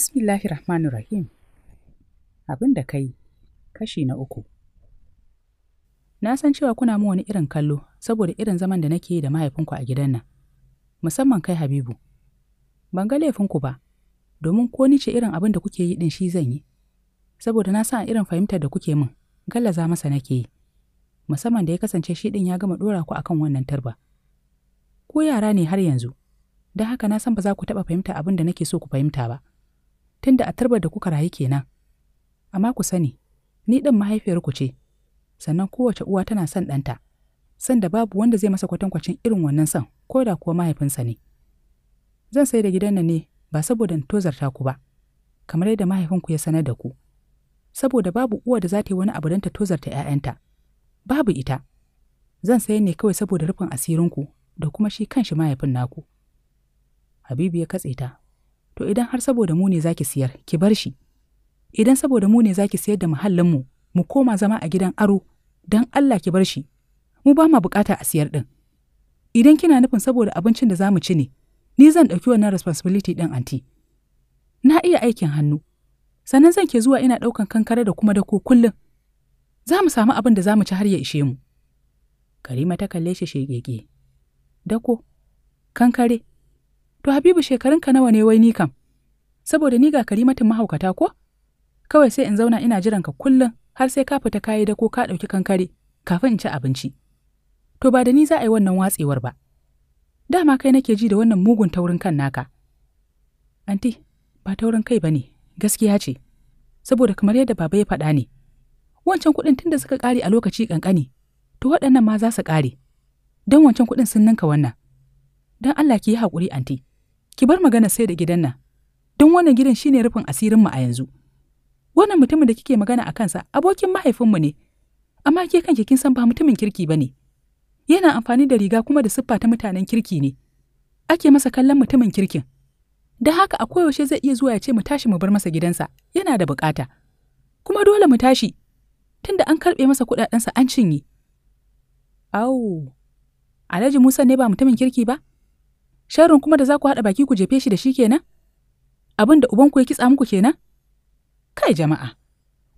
Bismillahi Rahmanu Rahim. Abin da kai, kashi na uku. Na san cewa kuna mu wani irin kallo saboda irin zaman da nake yi da mahaifinku a gidan nan, musamman kai Habibu. Ban ga laifinku ba, domin ko ni ce irin abin da kuke yi din shi zan yi, saboda na san irin fahimtar da kuke min, gallaza masa nake yi, musamman da ya kasance shi din ya gama ɗora ku akan wannan tarba. Ku yara ne har yanzu, Da haka na san ba za ku taɓa fahimta abin da nake so ku fahimta ba. tunda a tarbar da kuka rayu kenan. Amma ku sani, ni ɗin mahaifiyarku ce, sannan kowace uwa tana son ɗanta, san da babu wanda zai masa kwatankwacin irin wannan son ko da kuwa mahaifinsa ne. Zan sai da gidan nan ne ba saboda in tozarta ku ba, kamar yadda mahaifinku ya sanar da ku. Saboda babu uwa da za ta yi wani abu don ta tozarta ‘ya'yanta, babu ita. Zan sayar ne kawai saboda rufin asirinku da kuma shi kanshi mahaifin naku. Habibu ya katse ta to idan har saboda mu ne za ki siyar ki bar shi idan saboda mu ne za ki siyar da muhallinmu mu koma zama a gidan aro don Allah ki bar shi mu ba ma bukata a siyar ɗin idan kina nufin saboda abincin da za mu ci ne ni zan ɗauki wannan responsibility ɗin anti na iya aikin hannu sannan zan ke zuwa ina ɗaukan kankare da kuma dako kullum za mu samu abin da za mu ci har ya ishe mu karima ta kalle shi shegege dako kankare To Habibu shekarunka nawa ne wai ni kam? Saboda ni ga karimatin mahaukata ko? Kawai sai in zauna ina jiran ka kullum har sai ka fita kayi da ko ka ɗauki kankare kafin in ci abinci. To ba da ni za a yi wannan watsewar ba. Dama kai nake ji da wannan mugun taurin kan naka. Anti, ba taurin kai ba ne, gaskiya ce. Saboda kamar yadda baba ya faɗa ne, wancan kuɗin tun da suka ƙare a lokaci ƙanƙani, to waɗannan ma za su ƙare. Don wancan kuɗin sun ninka wannan. Don Allah ki yi haƙuri, anti. ki bar magana sai da gidan nan don wannan gidan shine rufin asirinmu a yanzu wannan mutumin da kike magana a kansa abokin mahaifinmu ne amma ke kanki kin san ba mutumin kirki bane yana amfani da riga kuma da siffa ta mutanen kirki ne ake masa kallon mutumin kirkin da haka a koyaushe zai iya zuwa ya ce mu tashi mu bar masa gidansa yana da bukata kuma dole mu tashi tunda an karɓe masa kuɗaɗensa an cinye au alhaji musa ne ba mutumin kirki ba sharin kuma da za ku haɗa baki ku jefe shi da shi kenan abin da ubanku ya kitsa muku kenan kai jama'a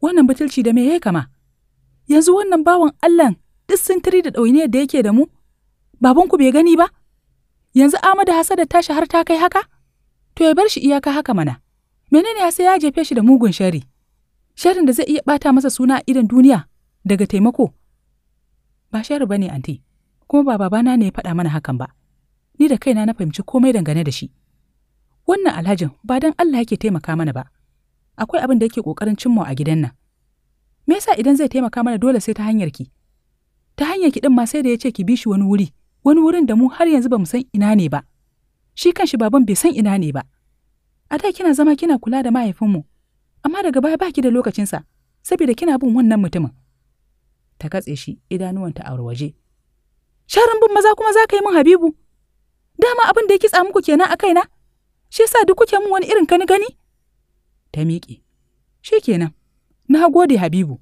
wannan butulci da me ya kama yanzu wannan bawan allah duk sintiri da ɗauniyar da yake da mu babanku bai gani ba yanzu amada hasada tashi har ta kai haka to ya bar shi iyaka haka mana menene ya sai ya jefe shi da mugun shari sharin da zai iya ɓata masa suna a idan duniya daga taimako ba shari ba ne anti kuma ba babana ne ya faɗa mana hakan ba ni da kaina na fahimci komai dangane da shi wannan alhajin ba dan Allah yake taimaka mana ba akwai abin da yake kokarin cimma a gidan nan me yasa idan zai taimaka mana dole sai ta hanyar ki ta hanyar ki din ma sai da ya ce ki bi shi wani wuri wani wurin da mu har yanzu ba mu san ina ne ba shi kanshi baban bai san ina ne ba a da kina zama kina kula da mahaifinmu amma daga baya baki da lokacinsa saboda kina bin wannan mutumin ta katse shi idanuwanta a waje sharan bin maza kuma za ka yi min habibu Dama abin da ya kitsa muku kenan a kaina? Shi yasa duk kuke mun wani irin kani gani? Ta miƙe. Shi kenan. Na gode Habibu.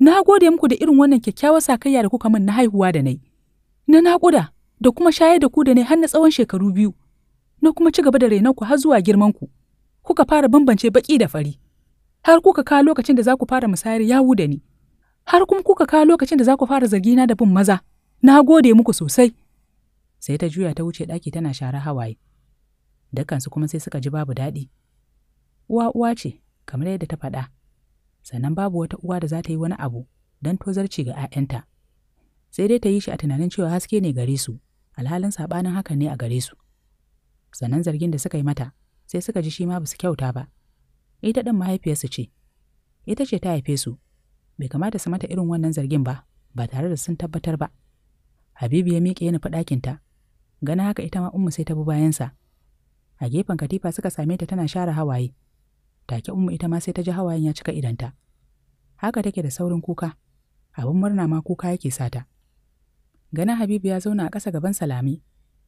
Na gode muku da irin wannan kyakkyawar sakayya da kuka min na haihuwa da nai. Na naƙuda da kuma shayar da ku da nai har na tsawon shekaru biyu. Na kuma ci gaba da ku har zuwa girman ku. Kuka fara bambance baki da fari. Har kuka kawo lokacin da za ku fara musayar yawu da ni. Har kuma kuka kawo lokacin da za ku fara zargina da bin maza. Na gode muku sosai. sai ta juya ta wuce ɗaki tana share hawaye dukansu kuma sai suka ji babu daɗi uwa uwa ce kamar yadda ta faɗa sannan babu wata uwa da za ta yi wani abu don tozarci ga 'ya'yanta sai dai ta yi shi a tunanin cewa haske ne gare su alhalin saɓanin haka ne a gare su sannan zargin da suka yi mata sai suka ji shi ma ba su kyauta ba ita ɗin mahaifiyarsu ce ita ce ta haife su bai kamata su mata irin wannan zargin ba ba tare da sun tabbatar ba habibu ya miƙe ya nufi ɗakinta Gana haka ita ma Ummu sai ta bi bayansa. A gefen katifa suka same ta tana share hawaye. Take Ummu ita ma sai ta ji hawayen ya cika idanta. Haka take da saurin kuka. Abin murna ma kuka yake sata. Gana Habibu ya zauna a ƙasa gaban Salami.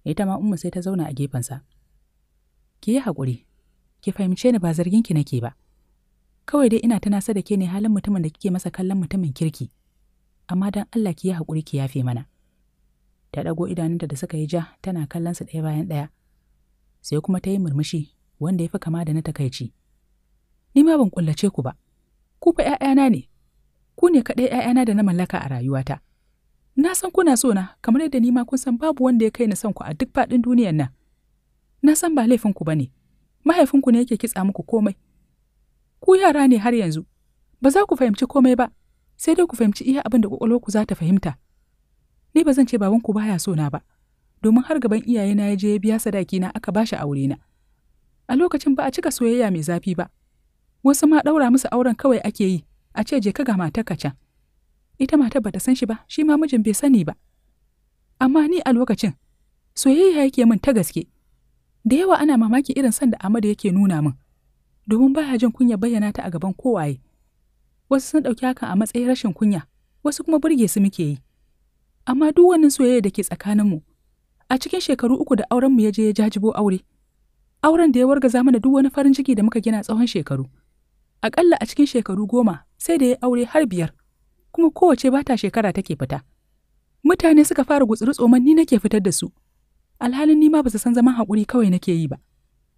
Ita ma Ummu sai ta zauna a gefensa. Ki yi hakuri. Ki fahimce ni ba zargin ki nake ba. Kawai dai ina tunasa da ke ne halin mutumin da kike masa kallon mutumin kirki. Amma don Allah ki yi hakuri ki yafe mana. ta ɗago idanunta da suka yi ja tana kallon su ɗaya bayan ɗaya sai kuma ta yi murmushi wanda ya fi kama da na takaici ni ma ban kullace ku ba ku fa ‘ya'yana ne ku ne kaɗai ‘ya'yana da na mallaka a rayuwata na san kuna so na kamar yadda ni ma kun san babu wanda ya kai na son ku a duk faɗin duniyar nan na san ba laifinku ba ne mahaifinku ne yake kitsa muku komai ku yara ne har yanzu ba za ku fahimci komai ba sai dai ku fahimci iya abin da ku za ta fahimta ni ba zan ce babanku baya so na ba domin har gaban iyayena ya je ya biya sadaki na aka bashi aure na a lokacin ba a cika soyayya mai zafi ba wasu ma ɗaura musu auren kawai ake yi a ce je ka ga matarka can ita matar bata san shi ba shi ma mijin bai sani ba amma ni a lokacin soyayya yake min ta gaske da yawa ana mamaki irin son da Amadu yake nuna min domin baya jin kunya bayyana ta a gaban kowaye wasu sun ɗauki hakan a matsayin rashin kunya wasu kuma burge su muke yi amma duk wannan soyayya da ke tsakaninmu a cikin shekaru uku da aurenmu ya je ya jajibo aure auren da ya wargaza mana duk wani farin ciki da muka gina tsawon shekaru aƙalla a cikin shekaru goma sai da ya aure har biyar kuma kowace bata shekara take fita mutane suka fara gutsuri tsomanni ni nake fitar da su alhalin nima ma ba su san zaman haƙuri kawai nake yi ba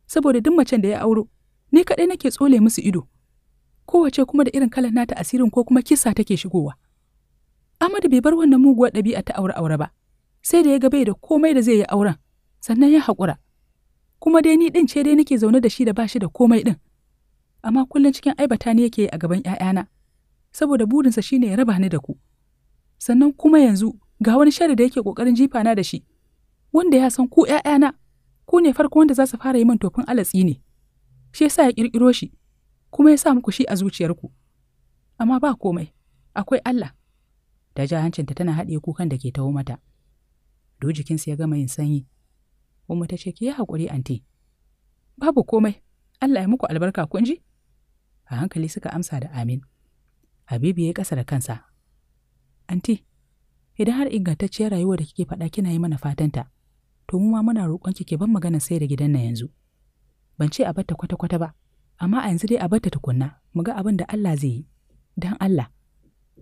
saboda duk macen da ya auro ni kaɗai nake tsole musu ido kowace kuma da irin kalan nata asirin ko kuma kisa take shigowa Amadu bai bar wannan muguwar ɗabi'a ta aure aure ba, sai da ya ga bai da komai da zai yi auren, sannan ya haƙura. Kuma dai ni ɗin ce dai nake zaune da shi da bashi da komai ɗin. Amma kullum cikin aibata ne yake yi a gaban ‘ya'yana, saboda burinsa shi ne ya raba ni da ku. Sannan kuma yanzu ga wani shari da yake ƙoƙarin jifa na da shi, wanda ya san ku ‘ya'yana, ku ne farko wanda za su fara yi min tofin alatsi ne. Shi yasa ya ƙirƙiro shi, kuma ya sa muku shi a zuciyarku. Amma ba komai, akwai Allah. ta ja hancinta tana haɗiye kukan da ke taho mata. Do jikinsu ya gama yin sanyi. Umma ta ce, ki yi haƙuri anti. Babu komai, Allah ya muku albarka kun ji? A hankali suka amsa da amin. Habibu ya yi ƙasa da kansa. Anti, idan har ingantacciyar rayuwa da kike faɗa kina yi mana fatanta, to mu ma muna roƙon ki ban magana sai da gidan na yanzu. Ban ce a batta kwata-kwata ba, amma a yanzu dai a batta tukunna, mu ga abin da Allah zai yi. Dan Allah,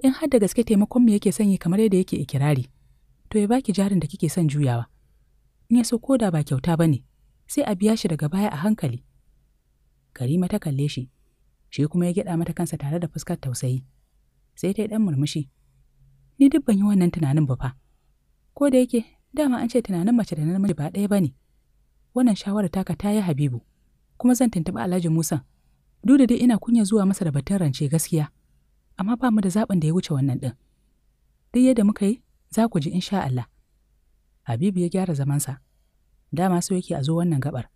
in har da gaske taimakon mu yake sanyi kamar yadda yake ikirari to ya baki jarin da kike son juyawa in ya so koda ba kyauta ba ne sai a biya shi daga baya a hankali karima ta kalle shi shi kuma ya gyada mata kansa tare da fuskar tausayi sai ta yi dan murmushi ni duk ban yi wannan tunanin ba fa ko da yake dama an ce tunanin mace da namiji ba ɗaya ba ne wannan shawarar taka ta yi habibu kuma zan tuntuɓi alhaji Musa. duk da dai ina kunya zuwa masa da batun rance gaskiya amma ba mu da zaɓin da ya wuce wannan ɗin. Duk yadda muka yi, za ku ji insha Allah. Habibu ya gyara zamansa, dama so yake a zo wannan gabar.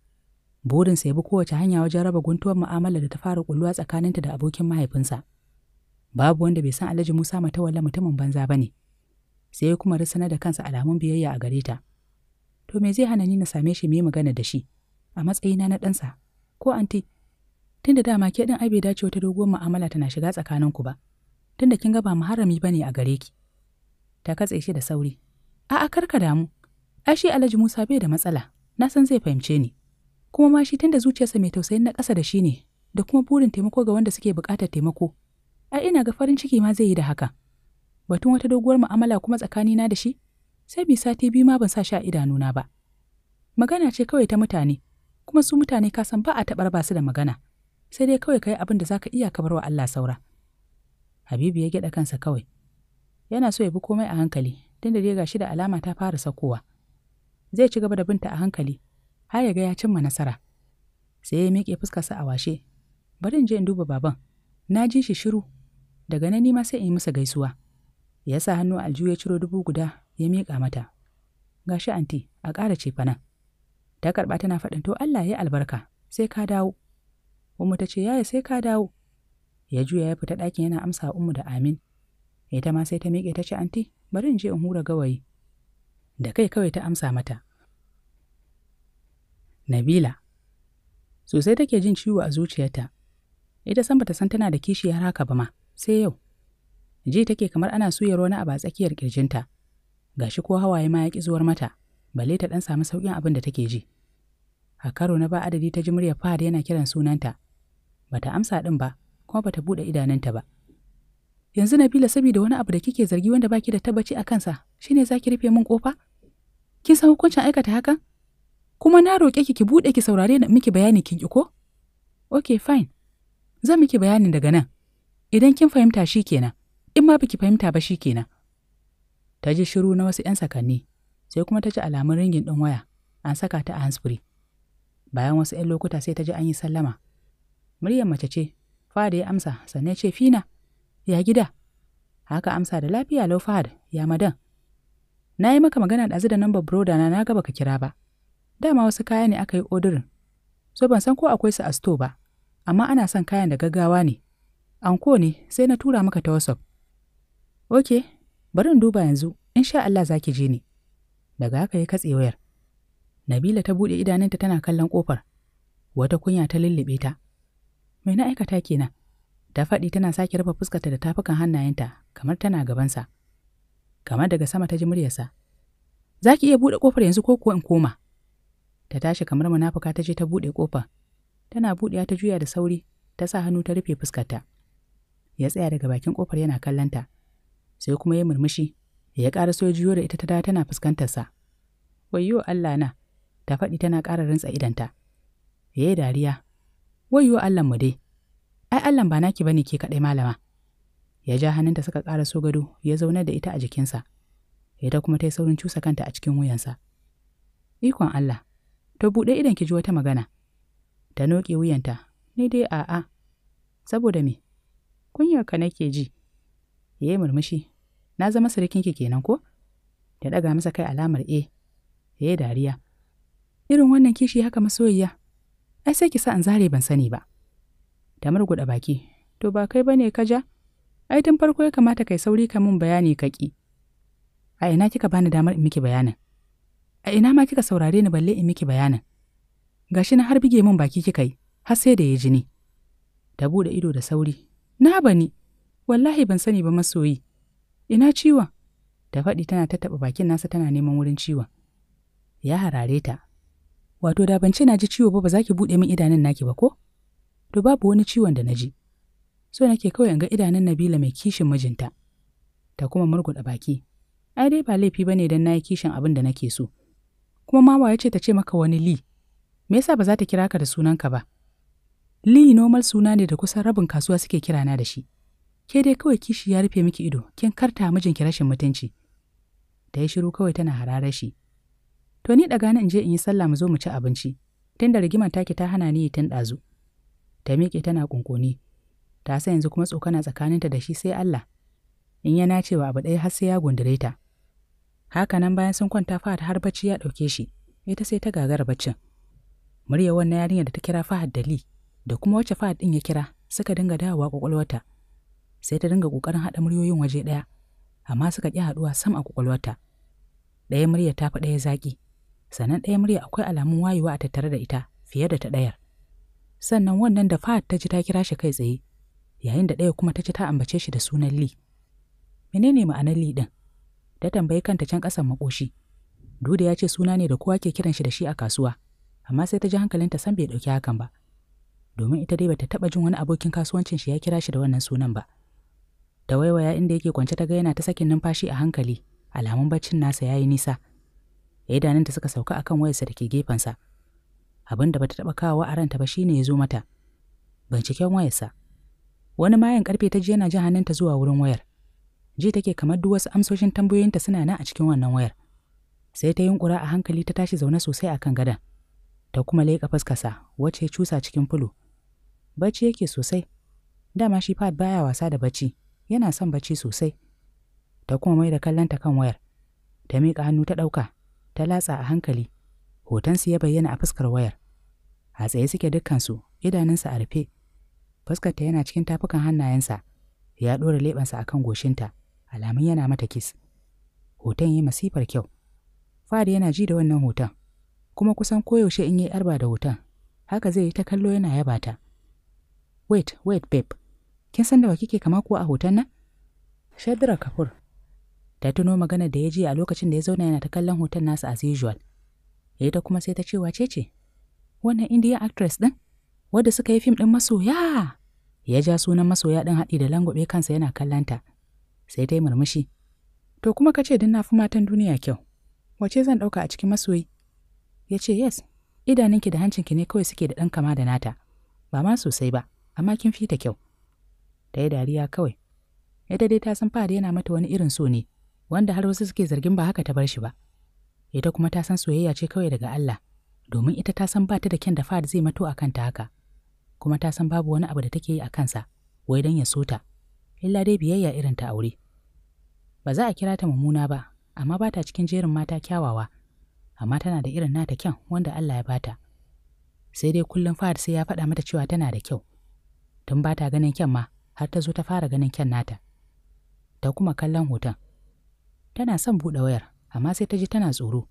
Burinsa ya bi kowace hanya wajen raba guntuwar mu'amala da ta fara kulluwa tsakaninta da abokin mahaifinsa. Babu wanda bai san Alhaji Musa Matawalla mutumin banza ba ne. Sai ya kuma risana da kansa alamun biyayya a gare ta. To me zai hana ni na same shi mu yi magana da shi a matsayina na ɗansa ko anti? Tunda dama ke ɗin ai bai dace wata doguwar mu'amala tana shiga tsakaninku ba. tunda kin ga ba muharrami bane a gare ki. Ta katse shi da sauri. A'a kar ka damu. Ai shi Alhaji Musa bai da matsala. Na san zai fahimce ni. Kuma ma shi tunda zuciyarsa mai tausayin na kasa da shi ne da kuma burin taimako ga wanda suke buƙatar taimako. Ai ina ga farin ciki ma zai yi da haka. Batun wata doguwar mu'amala kuma tsakani na da shi sai bi sati biyu ma ban sa shi a idanuna ba. Magana ce kawai ta mutane, kuma su mutane ka san ba a taɓar ba su da magana. Sai dai kawai kai abin da zaka iya ka wa Allah saura. Habibu ya gyaɗa kansa kawai. Yana so ya bi komai a hankali, tunda dai gashi da alama ta fara sakowa. Zai ci gaba da binta a hankali, har ya ga ya cimma nasara. Sai ya miƙe fuskarsa a washe. Bari in je in duba baban. Na ji shi shiru. Daga nan nima sai in yi masa gaisuwa. Ya sa hannu aljihu ya ciro dubu guda ya miƙa mata. Gashi anti, a ƙara fa nan. Ta karɓa tana faɗin to Allah ya albarka, sai ka dawo. Umma ta ce yaya sai ka dawo. ya juya ya fita ɗakin yana amsa ummu da amin ita ma sai ta miƙe ta ce anti bari in je in hura gawayi da kai kawai ta amsa mata nabila sosai take jin ciwo a zuciyarta ita san bata san tana da kishi har haka ba ma sai yau ji take kamar ana suyar wani abu a tsakiyar kirjinta gashi ko hawaye ma ya ki zuwar mata balle ta dan samu sauƙin abin da take ji a karo na ba adadi ta ji murya fahad yana kiran sunanta bata amsa din ba kuma bata buɗe idanunta ba. Yanzu Nabila saboda wani abu da kike zargi wanda baki da tabbaci a kansa, shine zaki rufe min kofa? Kin san hukuncin aikata haka Kuma na roƙe ki ki buɗe ki saurare ni miki bayani kin ki ko? Okay, fine. Zan miki bayani daga nan. Idan kin fahimta shi kenan, in ma biki fahimta ba shi kenan. Ta ji shiru na wasu 'yan sakanni, sai kuma ta ji alamun ringin ɗin waya, an saka ta a handsfree. Bayan wasu 'yan lokuta sai ta ji an yi sallama. Muryar mace ce Fahad ya amsa sannan ce Fina, ya gida. Haka amsa da lafiya lau Fahad ya madan. Na yi maka magana ɗazu da nambar broda na na gaba ka kira ba. Dama wasu kaya ne aka yi odirin. So ban san ko akwai su a sto ba, amma ana son kayan da gaggawa ne. Anko ne sai na tura maka ta WhatsApp. Ok, bari in duba yanzu, in sha Allah za ki je ni. Daga haka ya katse wayar. Nabila ta buɗe idanunta tana kallon ƙofar. Wata kunya ta lullube ta. Mai na aikata kenan? Ta faɗi tana sake rufe fuskarta da tafukan hannayenta kamar tana gabansa. Kamar daga sama ta ji muryarsa. Za ki iya buɗe ƙofar yanzu ko kuwa in koma? Ta tashi kamar munafuka ta je ta buɗe ƙofar. Tana buɗewa ta juya da sauri, ta sa hannu ta rufe fuskarta. Ya tsaya daga bakin ƙofar yana kallonta. Sai kuma ya murmushi, ya ƙara so juyo da ita ta dawo tana fuskantarsa. Wayyo Allah na, ta faɗi tana ƙara rintsa idanta. Ya yi dariya, wayo Allah mu dai, ai Allah ba naki bane ke kaɗai malama. Ya ja hannun ta suka ƙara so gado ya zauna da ita a jikinsa, ita kuma ta yi saurin cusa kanta a cikin wuyansa. Ikon Allah, to buɗe idan ki ji wata magana. Ta noƙe wuyanta, ni dai a'a, saboda me? ka nake ji. yayi murmushi, na zama ki kenan ko? Ta ɗaga masa kai alamar e, eh. yayi dariya. Irin wannan kishi haka masoyiya, ai sai ki sa an zare ban sani ba ta murguɗa baki to ba kai bane ka ja ai tun farko ya kamata kai sauri ka mun bayani ka ki a ina kika bani damar in miki bayanin a ina ma kika saurare ni balle in miki bayanin gashi na har bige min baki kika yi har sai da ya jini ta buɗe ido da sauri na bani wallahi ban sani ba masoyi ina ciwon ta faɗi tana tattaɓa bakin nasa tana neman wurin ciwon ya harare ta Wato da ban ce na ji ciwo ba ba za ki buɗe min idanun naki ba ko? To babu wani ciwon da na ji. So nake kawai in ga idanun Nabila mai kishin mijinta. Ta kuma murguɗa baki. Ai dai ba laifi ba ne dan na yi kishin abin da nake so. Kuma mama ya ce ta ce maka wani li. Me yasa ba za ta kira ka da sunan ka ba? Li normal suna ne da kusan rabin kasuwa suke kira na da shi. Ke dai kawai kishi ya rufe miki ido, kin karta mijinki rashin mutunci. Ta yi shiru kawai tana hararar shi. To ni daga nan in je in yi sallah mu zo mu ci abinci, tunda rigimar take ta hana ni tun ɗazu. Ta miƙe tana ƙunƙuni, ta sa yanzu kuma tsokana tsakaninta da shi sai Allah. In yana cewa abu ɗaya har sai ya gundure ta. Haka nan bayan sun kwanta Fahad har bacci ya ɗauke shi, ita sai ta gagara baccin. Murya wannan yarinyar da ta kira Fahad dali da kuma wacce Fahad ɗin ya kira, suka dinga dawowa ƙwaƙwalwarta. Sai ta dinga ƙoƙarin haɗa muryoyin waje ɗaya, amma suka ƙi haɗuwa sam a ƙwaƙwalwarta. Ɗaya murya ta fi ɗaya zaƙi. sannan ɗaya murya akwai alamun wayewa a tattare da ita fiye da ta ɗayar. Sannan wannan da Fahad ta ji ta kira shi kai tsaye, yayin da ɗaya kuma ta ji ta ambace shi da sunan Li. Menene ma'anar Li ɗin? Ta tambayi kanta can ƙasan makoshi. Duda ya ce suna ne da kowa ke kiran shi da shi a kasuwa, amma sai ta ji hankalinta san bai ɗauki hakan ba. Domin ita dai bata taɓa jin wani abokin kasuwancin shi ya kira shi da wannan sunan ba. Da waiwaya inda yake kwance ta ga yana ta sakin numfashi a hankali, alamun baccin nasa ya yi nisa. idanunta suka sauka akan wayarsa da ke gefensa abin da bata taɓa kawo a ranta ba shine ya zo mata binciken wayarsa wani mayan karfe ta ji yana jin hannunta zuwa wurin wayar ji take kamar duk wasu amsoshin tambayoyinta suna na a cikin wannan wayar sai ta yunkura a hankali ta tashi zaune sosai a kan gadon ta kuma leƙa fuskarsa wacce ya cusa cikin fulo bacci yake sosai dama shi fat baya wasa da bacci yana son bacci sosai ta kuma mai da kallonta kan wayar ta miƙa hannu ta ɗauka ta latsa a hankali hotonsu ya bayyana a fuskar wayar a tsaye suke dukkansu idanunsa a rufe fuskarta yana cikin tafukan hannayensa ya ɗora leɓensa a kan goshinta alamun yana mata kis hoton yi masifar kyau fad yana ji da wannan hoton kuma kusan koyaushe in yi arba da hoton haka zai yi ta kallo yana yaba ta wait wait babe kin san da wa kike kama kuwa a hoton nan shadrach kafur ta tuno magana da ya ji a lokacin da ya zauna yana ta kallon hoton nasa as usual ita kuma sai ta ce wace ce wannan indian actress din wadda suka yi fim din masoya ya ja sunan masoya din haɗi da langobe kansa yana kallanta sai ta yi murmushi to kuma ka ce din na fi matan duniya kyau wace zan ɗauka a cikin masoyi ya ce yes idaninki da hancinki ne kawai suke da ɗan kama da nata ba ma sosai ba amma kin fi ta kyau ta yi dariya kawai ita dai ta san yana mata wani irin so ne wanda har wasu suke zargin ba haka ta bar shi ba. Ita kuma ta san soyayya ce kawai daga Allah, domin ita ta san ba ta da kyan da Fahad zai mato a kanta haka, kuma ta san babu wani abu da take yi a kansa, wai don ya so ta, illa dai biyayya irin ta aure. Ba za a kira ta mummuna ba, amma ba ta cikin jerin mata kyawawa, amma tana da irin nata kyan wanda Allah ya bata. Sai dai kullum Fahad sai ya faɗa mata cewa tana da kyau, tun ba ta ganin kyan ma har ta zo ta fara ganin kyan nata. Ta kuma kallon hoton, Tana son buɗe wayar, amma sai ta ji tana tsoro.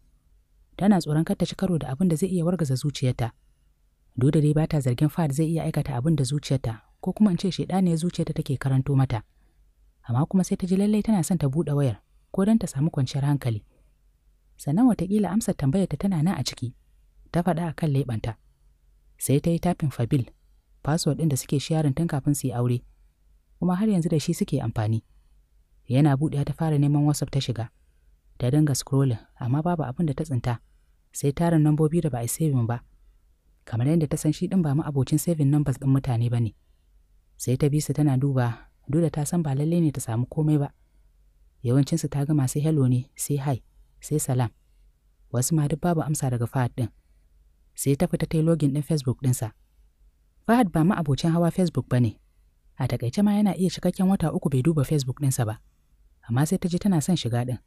Tana tsoron kar ta ci karo da abin da zai iya wargaza zuciyarta. Dole dai ba ta zargin fad zai iya aikata abin da zuciyarta, ko kuma in ce ne zuciyarta take karanto mata. Amma kuma sai ta ji lallai tana son ta buɗe wayar, ko don ta samu kwanciyar hankali. Sannan watakila amsar tambayarta tana nan a ciki, ta faɗa a kan leɓanta. Sai ta yi tafin Fabil, fasuwar ɗin da suke sharing tun kafin su yi aure, kuma har yanzu da shi suke amfani. yana buɗe ta fara neman whatsapp ta shiga ta dinga scrolling amma babu abin da ta tsinta sai tarin nambobi da ba a saving ba kamar yadda ta san shi din ba mu abocin saving numbers din mutane ba ne sai ta bi su tana duba dole ta san ba lalle ne ta samu komai ba yawancin su ta gama sai hello ne sai hi sai salam wasu ma duk babu amsa daga Fahad din. Sai ta fita ta yi login din Facebook dinsa. Fahad ba ma abocin hawa Facebook ba ne, a takaice ma yana iya cikakken wata uku bai duba Facebook dinsa ba. amma sai ta ji tana son shiga ɗin.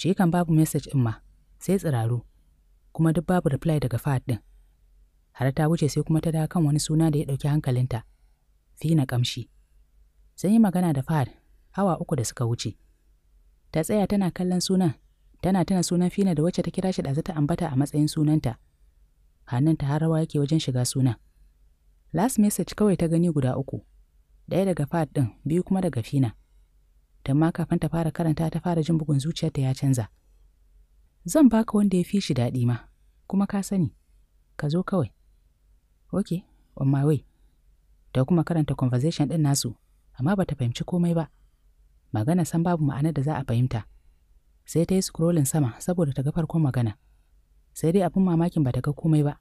Shi kan babu message ɗin ma, sai tsiraru, kuma duk babu reply daga Fahad ɗin. Har ta wuce sai kuma ta dawo kan wani suna da ya ɗauki hankalinta, Fina Kamshi. Sun yi magana da Fahad awa uku da suka wuce. Ta tsaya tana kallon sunan, tana tuna sunan Fina da wacce ta kira shi ɗazu ta ambata a matsayin sunanta. hannun ta har rawa yake wajen shiga sunan. Last message kawai ta gani guda uku, ɗaya daga fad ɗin, biyu kuma daga Fina. ma kafin ta fara karanta ta fara jin bugun zuciyarta ya canza. Zan baka wanda ya fi shi daɗi ma, kuma ka sani, ka zo kawai. Ok, on my way. Ta kuma karanta conversation ɗin nasu, amma ba ta fahimci komai ba. Magana san babu ma'anar da za a fahimta. Sai ta yi scrolling sama saboda ta ga farkon magana. Sai dai abin mamakin ba ta ga komai ba.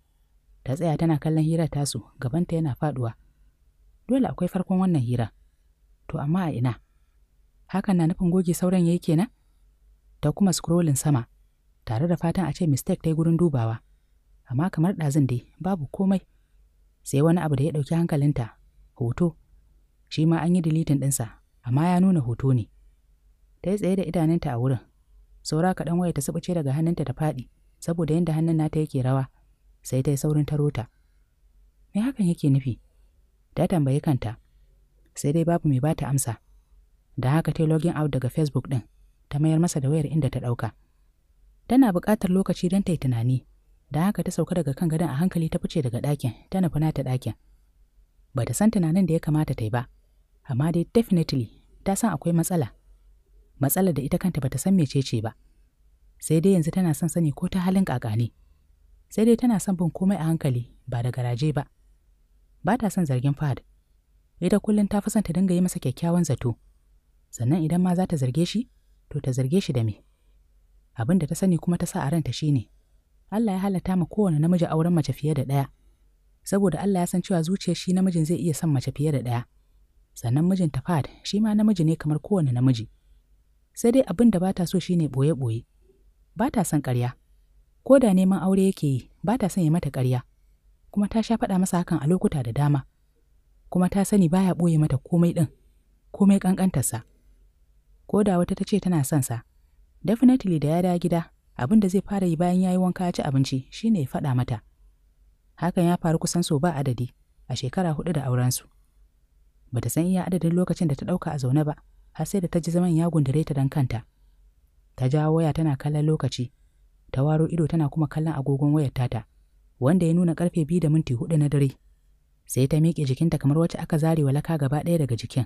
Ta tsaya tana kallon hirar tasu, gabanta yana faɗuwa. Dole akwai farkon wannan hira. To amma a ina? hakan na nufin goge sauran yayi kenan ta kuma scrolling sama tare da fatan a ce mistake ta yi gurin dubawa amma kamar ɗazin dai babu komai sai wani abu da ya ɗauki hankalinta hoto shi ma an yi dilitin ɗinsa amma ya nuna hoto ne ta yi tsaye da idanunta a wurin saura kaɗan waya ta sabuce daga hannunta ta faɗi saboda yadda hannun nata yake rawa sai ta yi saurin taro ta me hakan yake nufi ta tambayi kanta sai dai babu mai bata amsa da haka ta yi login out daga facebook ɗin ta mayar masa da wayar inda ta ɗauka tana buƙatar lokaci don ta yi tunani da haka ta sauka daga kan gadon a hankali ta fice daga ɗakin ta nufi nata ɗakin ba ta san tunanin da ya kamata ta yi ba amma dai definitely ta san akwai matsala matsalar da ita kanta ba ta san mecece ba sai dai yanzu tana son sani ko ta halin kakani sai dai tana son bin komai a hankali ba da garaje ba ba ta son zargin fahad ita kullum ta fi son ta dinga yi masa kyakkyawan zato sannan idan ma za ta zarge shi to ta zarge shi da me abin da ta sani kuma ta sa a ranta shine Allah ya halatta ma kowane namiji auren mace fiye da ɗaya saboda Allah ya san cewa zuciyar shi namijin zai iya son mace fiye da ɗaya sannan mijin Fad shi ma namiji ne kamar kowane namiji sai dai abin da bata so shine boye-boye bata son ƙarya ko da neman aure yake yi bata son ya mata ƙarya kuma ta sha faɗa masa hakan a lokuta da dama kuma ta sani baya ɓoye mata komai ɗin komai ƙanƙantarsa ko da wata ta ce tana son sa. Definitely da ya dawo gida, abin da zai fara yi bayan ya yi wanka ya ci abinci shine ya faɗa mata. Hakan ya faru kusan so ba adadi a shekara hudu da auren su bata san iya adadin lokacin da ta ɗauka a zaune ba, har sai da ta ji zaman ya gundare ta don kanta. Ta jawo waya tana kallon lokaci, ta waro ido tana kuma kallon agogon wayar tata, wanda ya nuna karfe biyu da minti hudu na dare. Sai ta miƙe jikinta kamar wacce aka zare walaka laka gaba ɗaya daga jikin.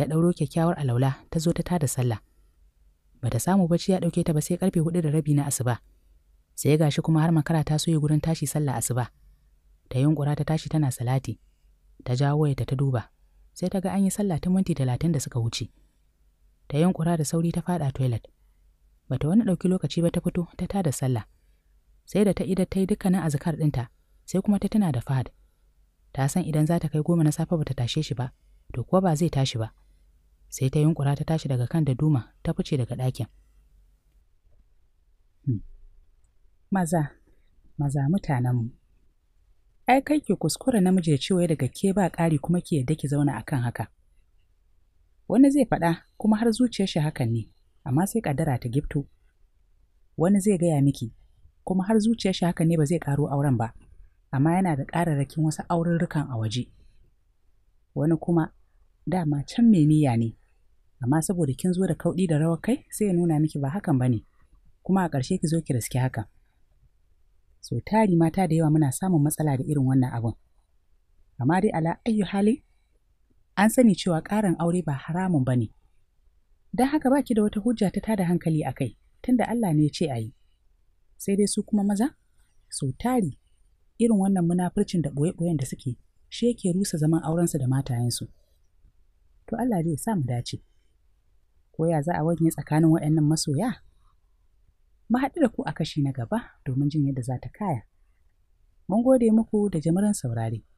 ta ɗauro kyakkyawar alaula ta zo ta tada sallah bata samu bacci ya ɗauke ta ba sai karfe hudu da rabi na asuba sai gashi kuma har makara ta soye gurin tashi sallah asuba ta yunkura ta tashi tana salati ta jawo wayarta ta duba sai ta ga an yi sallah ta minti talatin da suka wuce ta yunkura da sauri ta faɗa toilet bata wani ɗauki lokaci ba ta fito ta tada sallah sai da ta idar ta yi dukkanin azkar ɗinta sai kuma ta tuna da fad. ta san idan za ta kai goma na safe ba ta tashe shi ba to kuwa ba zai tashi ba sai ta yunkura ta tashi daga kan da duma ta fice daga ɗakin. Hmm. Maza, maza mutanenmu. Ai kai ke kuskura namiji ya ciwo daga ke ba ƙari kuma ke yadda ki zauna kan haka. Wani zai faɗa kuma har zuciyar shi hakan ne, amma sai ƙaddara ta gifto. Wani zai gaya miki, kuma har zuciyar shi hakan ne ba zai ƙaro auren ba, amma yana da ƙararrakin wasu aurirrukan a waje. Wani kuma dama can mai niyya ne amma saboda kin zo da kauɗi da rawar kai sai ya nuna miki ba hakan ba ne kuma a ƙarshe ki zo ki riski hakan so tari mata da yawa muna samun matsala da irin wannan abun amma dai ala ayyu hali an sani cewa ƙarin aure ba haramun ba ne don haka ba ki da wata hujja ta tada hankali a kai tunda Allah ne ya ce a yi sai dai su kuma maza so tari irin wannan munafurcin da ɓoye-ɓoyen da suke shi yake rusa zaman aurensu da matayensu to Allah zai sa mu dace ko ya za a wanye tsakanin waɗannan masoya? Mu haɗu da ku a kashi na gaba domin jin yadda za ta kaya. Mun gode muku da jimirin saurari.